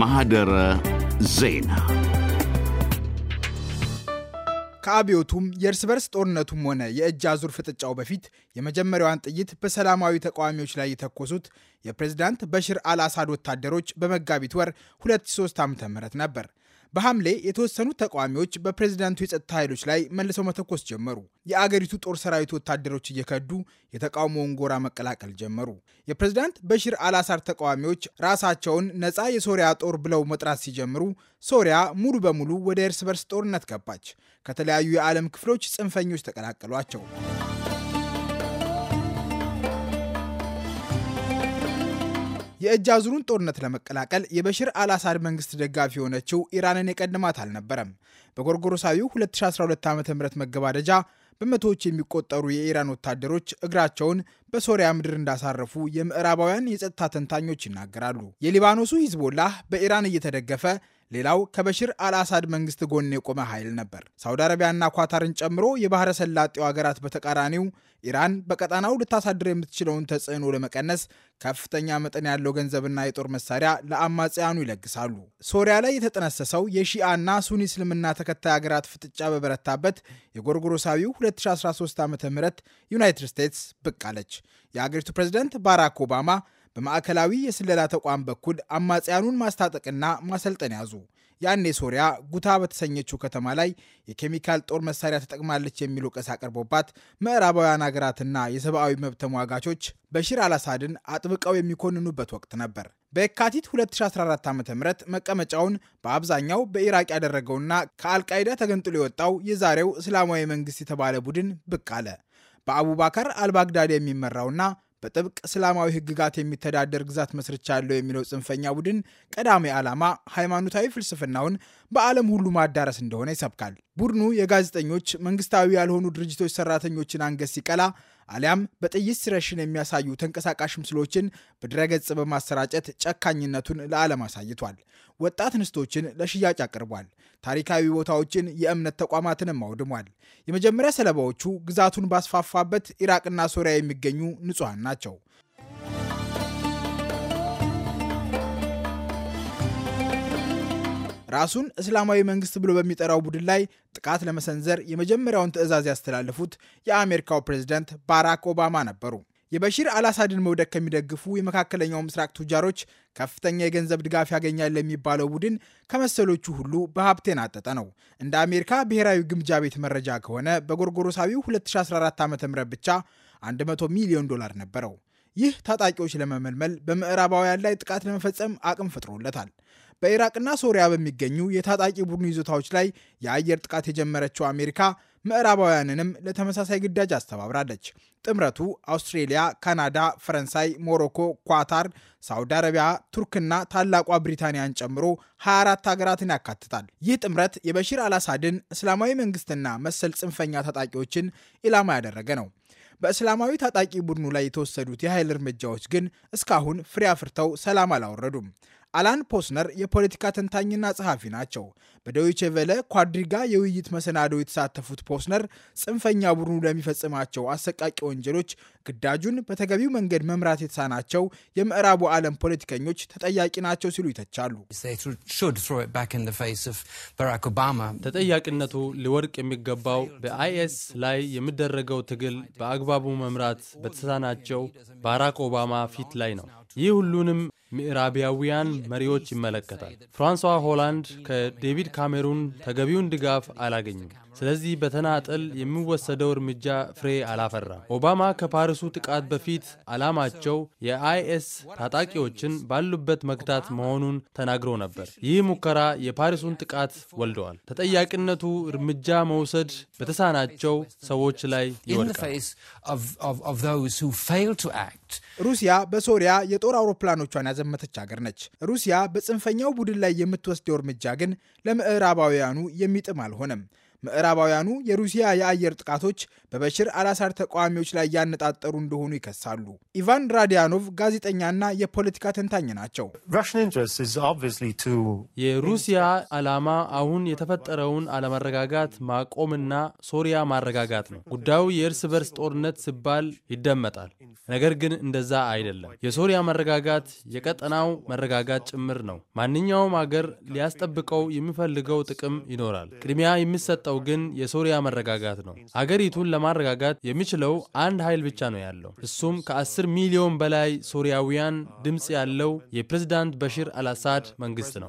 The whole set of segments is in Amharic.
ማህደረ ዜና ከአብዮቱም የእርስ በርስ ጦርነቱም ሆነ የእጅ አዙር ፍጥጫው በፊት የመጀመሪያዋን ጥይት በሰላማዊ ተቃዋሚዎች ላይ የተኮሱት የፕሬዝዳንት በሽር አልአሳድ ወታደሮች በመጋቢት ወር 2003 ም ነበር። በሐምሌ የተወሰኑት ተቃዋሚዎች በፕሬዝዳንቱ የጸጥታ ኃይሎች ላይ መልሰው መተኮስ ጀመሩ። የአገሪቱ ጦር ሰራዊት ወታደሮች እየከዱ የተቃውሞውን ጎራ መቀላቀል ጀመሩ። የፕሬዝዳንት በሽር አልአሳድ ተቃዋሚዎች ራሳቸውን ነፃ የሶሪያ ጦር ብለው መጥራት ሲጀምሩ ሶሪያ ሙሉ በሙሉ ወደ እርስ በርስ ጦርነት ገባች። ከተለያዩ የዓለም ክፍሎች ጽንፈኞች ተቀላቀሏቸው። የእጅ አዙሩን ጦርነት ለመቀላቀል የበሽር አልአሳድ መንግስት ደጋፊ የሆነችው ኢራንን የቀድማት አልነበረም። በጎርጎሮሳዊው 2012 ዓ ም መገባደጃ በመቶዎች የሚቆጠሩ የኢራን ወታደሮች እግራቸውን በሶሪያ ምድር እንዳሳረፉ የምዕራባውያን የጸጥታ ተንታኞች ይናገራሉ። የሊባኖሱ ሂዝቦላህ በኢራን እየተደገፈ ሌላው ከበሽር አልአሳድ መንግስት ጎን የቆመ ኃይል ነበር። ሳውዲ አረቢያና ኳታርን ጨምሮ የባህረ ሰላጤው ሀገራት በተቃራኒው ኢራን በቀጣናው ልታሳድር የምትችለውን ተጽዕኖ ለመቀነስ ከፍተኛ መጠን ያለው ገንዘብና የጦር መሳሪያ ለአማጽያኑ ይለግሳሉ። ሶሪያ ላይ የተጠነሰሰው የሺአና ሱኒ እስልምና ተከታይ ሀገራት ፍጥጫ በበረታበት የጎርጎሮሳዊው 2013 ዓ ም ዩናይትድ ስቴትስ ብቅ አለች። የአገሪቱ ፕሬዚደንት ባራክ ኦባማ በማዕከላዊ የስለላ ተቋም በኩል አማጽያኑን ማስታጠቅና ማሰልጠን ያዙ። ያኔ ሶሪያ ጉታ በተሰኘችው ከተማ ላይ የኬሚካል ጦር መሳሪያ ተጠቅማለች የሚል ወቀሳ አቅርቦባት ምዕራባውያን ሀገራትና የሰብአዊ መብት ተሟጋቾች በሽር አላሳድን አጥብቀው የሚኮንኑበት ወቅት ነበር። በየካቲት 2014 ዓ ም መቀመጫውን በአብዛኛው በኢራቅ ያደረገውና ከአልቃይዳ ተገንጥሎ የወጣው የዛሬው እስላማዊ መንግስት የተባለ ቡድን ብቅ አለ። በአቡባከር አልባግዳድ የሚመራውና በጥብቅ እስላማዊ ሕግጋት የሚተዳደር ግዛት ያለው የሚለው ጽንፈኛ ቡድን ቀዳሚ ዓላማ ሃይማኖታዊ ፍልስፍናውን በዓለም ሁሉ ማዳረስ እንደሆነ ይሰብካል። ቡድኑ የጋዜጠኞች፣ መንግስታዊ ያልሆኑ ድርጅቶች ሰራተኞችን አንገት ሲቀላ አሊያም በጥይት ሲረሽን የሚያሳዩ ተንቀሳቃሽ ምስሎችን በድረገጽ በማሰራጨት ጨካኝነቱን ለዓለም አሳይቷል። ወጣት ንስቶችን ለሽያጭ አቅርቧል። ታሪካዊ ቦታዎችን፣ የእምነት ተቋማትንም አውድሟል። የመጀመሪያ ሰለባዎቹ ግዛቱን ባስፋፋበት ኢራቅና ሶሪያ የሚገኙ ንጹሐን ናቸው። ራሱን እስላማዊ መንግስት ብሎ በሚጠራው ቡድን ላይ ጥቃት ለመሰንዘር የመጀመሪያውን ትዕዛዝ ያስተላለፉት የአሜሪካው ፕሬዚደንት ባራክ ኦባማ ነበሩ። የበሺር አልአሳድን መውደቅ ከሚደግፉ የመካከለኛው ምስራቅ ቱጃሮች ከፍተኛ የገንዘብ ድጋፍ ያገኛል የሚባለው ቡድን ከመሰሎቹ ሁሉ በሀብት የናጠጠ ነው። እንደ አሜሪካ ብሔራዊ ግምጃ ቤት መረጃ ከሆነ በጎርጎሮሳዊው 2014 ዓ ም ብቻ 100 ሚሊዮን ዶላር ነበረው። ይህ ታጣቂዎች ለመመልመል በምዕራባውያን ላይ ጥቃት ለመፈጸም አቅም ፈጥሮለታል። በኢራቅና ሶሪያ በሚገኙ የታጣቂ ቡድኑ ይዞታዎች ላይ የአየር ጥቃት የጀመረችው አሜሪካ ምዕራባውያንንም ለተመሳሳይ ግዳጅ አስተባብራለች። ጥምረቱ አውስትሬሊያ፣ ካናዳ፣ ፈረንሳይ፣ ሞሮኮ፣ ኳታር፣ ሳውዲ አረቢያ፣ ቱርክና ታላቋ ብሪታንያን ጨምሮ 24 ሀገራትን ያካትታል። ይህ ጥምረት የበሺር አላሳድን እስላማዊ መንግስትና መሰል ጽንፈኛ ታጣቂዎችን ኢላማ ያደረገ ነው። በእስላማዊ ታጣቂ ቡድኑ ላይ የተወሰዱት የኃይል እርምጃዎች ግን እስካሁን ፍሬ አፍርተው ሰላም አላወረዱም። አላን ፖስነር የፖለቲካ ተንታኝና ጸሐፊ ናቸው። በዶይቼ ቬለ ኳድሪጋ የውይይት መሰናዶ የተሳተፉት ፖስነር ጽንፈኛ ቡድኑ ለሚፈጽማቸው አሰቃቂ ወንጀሎች ግዳጁን በተገቢው መንገድ መምራት የተሳናቸው የምዕራቡ ዓለም ፖለቲከኞች ተጠያቂ ናቸው ሲሉ ይተቻሉ። ተጠያቂነቱ ሊወድቅ የሚገባው በአይኤስ ላይ የሚደረገው ትግል በአግባቡ መምራት በተሳናቸው ባራክ ኦባማ ፊት ላይ ነው። ይህ ሁሉንም ምዕራቢያውያን መሪዎች ይመለከታል። ፍራንሷ ሆላንድ ከዴቪድ ካሜሩን ተገቢውን ድጋፍ አላገኙም። ስለዚህ በተናጠል የሚወሰደው እርምጃ ፍሬ አላፈራም። ኦባማ ከፓሪሱ ጥቃት በፊት ዓላማቸው የአይኤስ ታጣቂዎችን ባሉበት መግታት መሆኑን ተናግሮ ነበር። ይህ ሙከራ የፓሪሱን ጥቃት ወልደዋል። ተጠያቂነቱ እርምጃ መውሰድ በተሳናቸው ሰዎች ላይ ይወድቃል። ሩሲያ በሶሪያ የጦር አውሮፕላኖቿን ያዘመተች ሀገር ነች። ሩሲያ በጽንፈኛው ቡድን ላይ የምትወስደው እርምጃ ግን ለምዕራባውያኑ የሚጥም አልሆነም። ምዕራባውያኑ የሩሲያ የአየር ጥቃቶች በበሽር አላሳድ ተቃዋሚዎች ላይ ያነጣጠሩ እንደሆኑ ይከሳሉ። ኢቫን ራዲያኖቭ ጋዜጠኛና የፖለቲካ ተንታኝ ናቸው። የሩሲያ ዓላማ አሁን የተፈጠረውን አለመረጋጋት ማቆምና ሶሪያ ማረጋጋት ነው። ጉዳዩ የእርስ በርስ ጦርነት ሲባል ይደመጣል። ነገር ግን እንደዛ አይደለም። የሶሪያ መረጋጋት የቀጠናው መረጋጋት ጭምር ነው። ማንኛውም አገር ሊያስጠብቀው የሚፈልገው ጥቅም ይኖራል። ቅድሚያ የሚሰጠው የሚበልጠው ግን የሶሪያ መረጋጋት ነው። አገሪቱን ለማረጋጋት የሚችለው አንድ ኃይል ብቻ ነው ያለው። እሱም ከአስር ሚሊዮን በላይ ሶሪያውያን ድምፅ ያለው የፕሬዝዳንት በሽር አልአሳድ መንግስት ነው።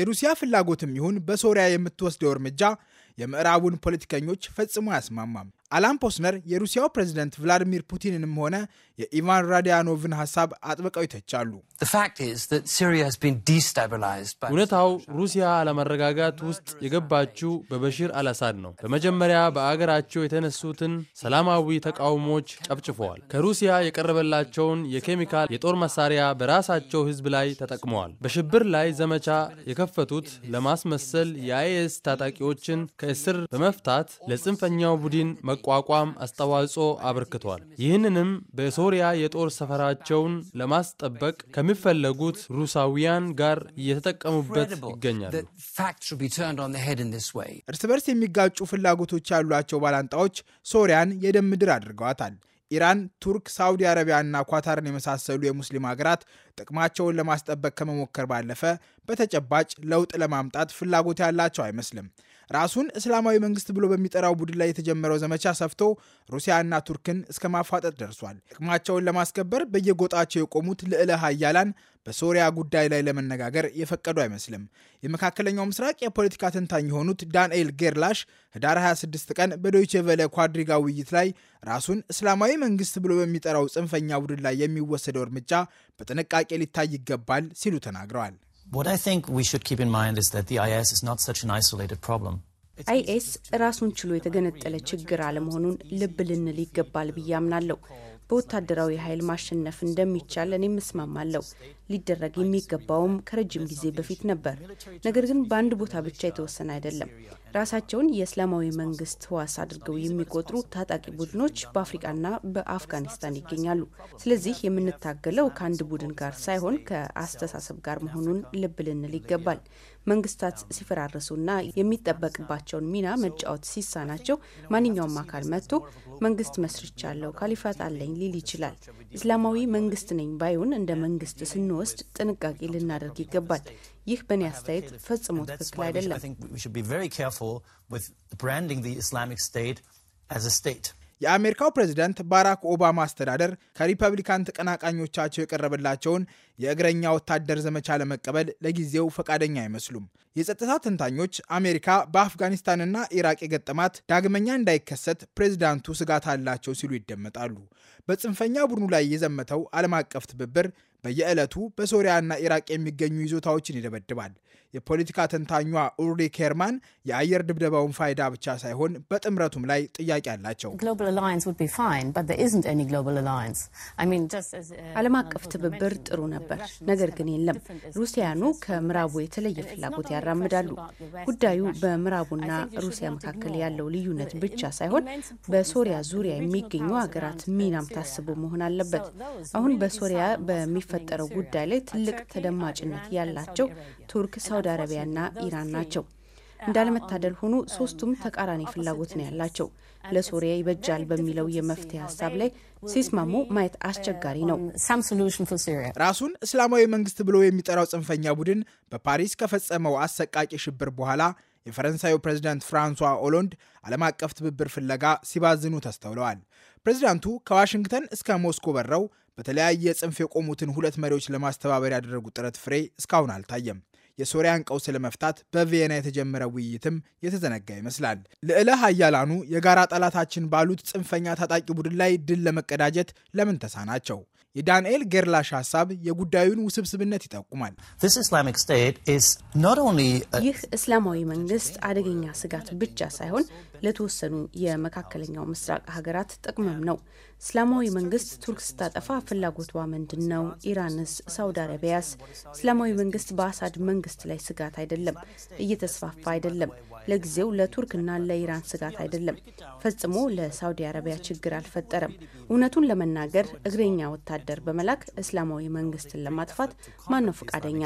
የሩሲያ ፍላጎትም ይሁን በሶሪያ የምትወስደው እርምጃ የምዕራቡን ፖለቲከኞች ፈጽሞ አያስማማም። አላን ፖስነር የሩሲያው ፕሬዝደንት ቭላዲሚር ፑቲንንም ሆነ የኢቫን ራዲያኖቭን ሀሳብ አጥብቀው ይተቻሉ። እውነታው ሩሲያ አለመረጋጋት ውስጥ የገባችው በበሺር አላሳድ ነው። በመጀመሪያ በአገራቸው የተነሱትን ሰላማዊ ተቃውሞች ጨፍጭፈዋል። ከሩሲያ የቀረበላቸውን የኬሚካል የጦር መሳሪያ በራሳቸው ሕዝብ ላይ ተጠቅመዋል። በሽብር ላይ ዘመቻ የከፈቱት ለማስመሰል የአይኤስ ታጣቂዎችን ከእስር በመፍታት ለጽንፈኛው ቡድን መ መቋቋም አስተዋጽኦ አበርክቷል። ይህንንም በሶሪያ የጦር ሰፈራቸውን ለማስጠበቅ ከሚፈለጉት ሩሳውያን ጋር እየተጠቀሙበት ይገኛሉ። እርስ በርስ የሚጋጩ ፍላጎቶች ያሏቸው ባላንጣዎች ሶሪያን የደም ምድር አድርገዋታል። ኢራን፣ ቱርክ፣ ሳውዲ አረቢያና ኳታርን የመሳሰሉ የሙስሊም ሀገራት ጥቅማቸውን ለማስጠበቅ ከመሞከር ባለፈ በተጨባጭ ለውጥ ለማምጣት ፍላጎት ያላቸው አይመስልም። ራሱን እስላማዊ መንግስት ብሎ በሚጠራው ቡድን ላይ የተጀመረው ዘመቻ ሰፍቶ ሩሲያና ቱርክን እስከ ማፋጠጥ ደርሷል። ጥቅማቸውን ለማስከበር በየጎጣቸው የቆሙት ልዕለ ሀያላን በሶሪያ ጉዳይ ላይ ለመነጋገር የፈቀዱ አይመስልም። የመካከለኛው ምስራቅ የፖለቲካ ተንታኝ የሆኑት ዳንኤል ጌርላሽ ህዳር 26 ቀን በዶይቼ ቬለ ኳድሪጋ ውይይት ላይ ራሱን እስላማዊ መንግስት ብሎ በሚጠራው ጽንፈኛ ቡድን ላይ የሚወሰደው እርምጃ በጥንቃቄ ሊታይ ይገባል ሲሉ ተናግረዋል። What I think we should keep in mind is that the IS is not such an isolated problem. አይኤስ ራሱን ችሎ የተገነጠለ ችግር አለመሆኑን ልብ ልንል ይገባል ብዬ አምናለሁ። በወታደራዊ ኃይል ማሸነፍ እንደሚቻል እኔም እስማማለሁ። ሊደረግ የሚገባውም ከረጅም ጊዜ በፊት ነበር። ነገር ግን በአንድ ቦታ ብቻ የተወሰነ አይደለም። ራሳቸውን የእስላማዊ መንግስት ህዋስ አድርገው የሚቆጥሩ ታጣቂ ቡድኖች በአፍሪቃና በአፍጋኒስታን ይገኛሉ። ስለዚህ የምንታገለው ከአንድ ቡድን ጋር ሳይሆን ከአስተሳሰብ ጋር መሆኑን ልብ ልንል ይገባል። መንግስታት ሲፈራረሱና የሚጠበቅባቸውን ሚና መጫወት ሲሳናቸው ማንኛውም አካል መጥቶ መንግስት መስርቻለሁ፣ ካሊፋት አለኝ ሊል ይችላል። እስላማዊ መንግስት ነኝ ባይሆን እንደ መንግስት ስንወ ስንወስድ ጥንቃቄ ልናደርግ ይገባል። ይህ በእኔ አስተያየት ፈጽሞ ትክክል አይደለም። የአሜሪካው ፕሬዚደንት ባራክ ኦባማ አስተዳደር ከሪፐብሊካን ተቀናቃኞቻቸው የቀረበላቸውን የእግረኛ ወታደር ዘመቻ ለመቀበል ለጊዜው ፈቃደኛ አይመስሉም። የጸጥታ ተንታኞች አሜሪካ በአፍጋኒስታንና ኢራቅ የገጠማት ዳግመኛ እንዳይከሰት ፕሬዚዳንቱ ስጋት አላቸው ሲሉ ይደመጣሉ። በጽንፈኛ ቡድኑ ላይ የዘመተው ዓለም አቀፍ ትብብር በየዕለቱ በሶሪያና ኢራቅ የሚገኙ ይዞታዎችን ይደበድባል። የፖለቲካ ተንታኟ ኡሪ ኬርማን የአየር ድብደባውን ፋይዳ ብቻ ሳይሆን በጥምረቱም ላይ ጥያቄ አላቸው። uh, ዓለም አቀፍ ትብብር ጥሩ ነበር፣ ነገር ግን የለም። ሩሲያኑ ከምዕራቡ የተለየ ፍላጎት ያራምዳሉ። ጉዳዩ በምዕራቡና ሩሲያ መካከል ያለው ልዩነት ብቻ ሳይሆን በሶሪያ ዙሪያ የሚገኙ ሀገራት ሚናም ታስቦ መሆን አለበት። አሁን በሶሪያ በሚ በሚፈጠረው ጉዳይ ላይ ትልቅ ተደማጭነት ያላቸው ቱርክ፣ ሳውዲ አረቢያና ኢራን ናቸው። እንዳለመታደል ሆኖ ሶስቱም ተቃራኒ ፍላጎት ነው ያላቸው። ለሶሪያ ይበጃል በሚለው የመፍትሄ ሀሳብ ላይ ሲስማሙ ማየት አስቸጋሪ ነው። ራሱን እስላማዊ መንግስት ብሎ የሚጠራው ጽንፈኛ ቡድን በፓሪስ ከፈጸመው አሰቃቂ ሽብር በኋላ የፈረንሳዩ ፕሬዚዳንት ፍራንሷ ኦሎንድ ዓለም አቀፍ ትብብር ፍለጋ ሲባዝኑ ተስተውለዋል። ፕሬዚዳንቱ ከዋሽንግተን እስከ ሞስኮ በረው በተለያየ ጽንፍ የቆሙትን ሁለት መሪዎች ለማስተባበር ያደረጉት ጥረት ፍሬ እስካሁን አልታየም። የሶሪያን ቀውስ ለመፍታት በቪየና የተጀመረ ውይይትም የተዘነጋ ይመስላል። ልዕለ ሀያላኑ የጋራ ጠላታችን ባሉት ጽንፈኛ ታጣቂ ቡድን ላይ ድል ለመቀዳጀት ለምን ተሳናቸው? የዳንኤል ገርላሽ ሀሳብ የጉዳዩን ውስብስብነት ይጠቁማል። ይህ እስላማዊ መንግስት አደገኛ ስጋት ብቻ ሳይሆን ለተወሰኑ የመካከለኛው ምስራቅ ሀገራት ጥቅምም ነው። እስላማዊ መንግስት ቱርክ ስታጠፋ ፍላጎቷ ምንድን ነው? ኢራንስ? ሳውዲ አረቢያስ? እስላማዊ መንግስት በአሳድ መንግስት ላይ ስጋት አይደለም፣ እየተስፋፋ አይደለም። ለጊዜው ለቱርክና ለኢራን ስጋት አይደለም፣ ፈጽሞ ለሳውዲ አረቢያ ችግር አልፈጠረም። እውነቱን ለመናገር እግረኛ ወታደር በመላክ እስላማዊ መንግስትን ለማጥፋት ማነው ፈቃደኛ?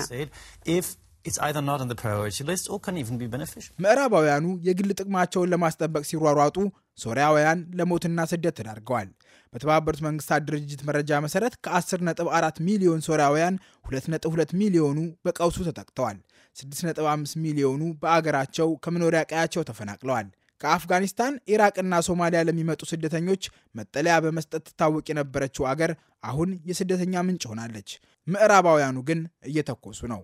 ምዕራባውያኑ የግል ጥቅማቸውን ለማስጠበቅ ሲሯሯጡ ሶሪያውያን ለሞትና ስደት ተዳርገዋል። በተባበሩት መንግስታት ድርጅት መረጃ መሰረት ከ10.4 ሚሊዮን ሶሪያውያን 2.2 ሚሊዮኑ በቀውሱ ተጠቅተዋል። 6.5 ሚሊዮኑ በአገራቸው ከመኖሪያ ቀያቸው ተፈናቅለዋል። ከአፍጋኒስታን ኢራቅና ሶማሊያ ለሚመጡ ስደተኞች መጠለያ በመስጠት ትታወቅ የነበረችው አገር አሁን የስደተኛ ምንጭ ሆናለች። ምዕራባውያኑ ግን እየተኮሱ ነው።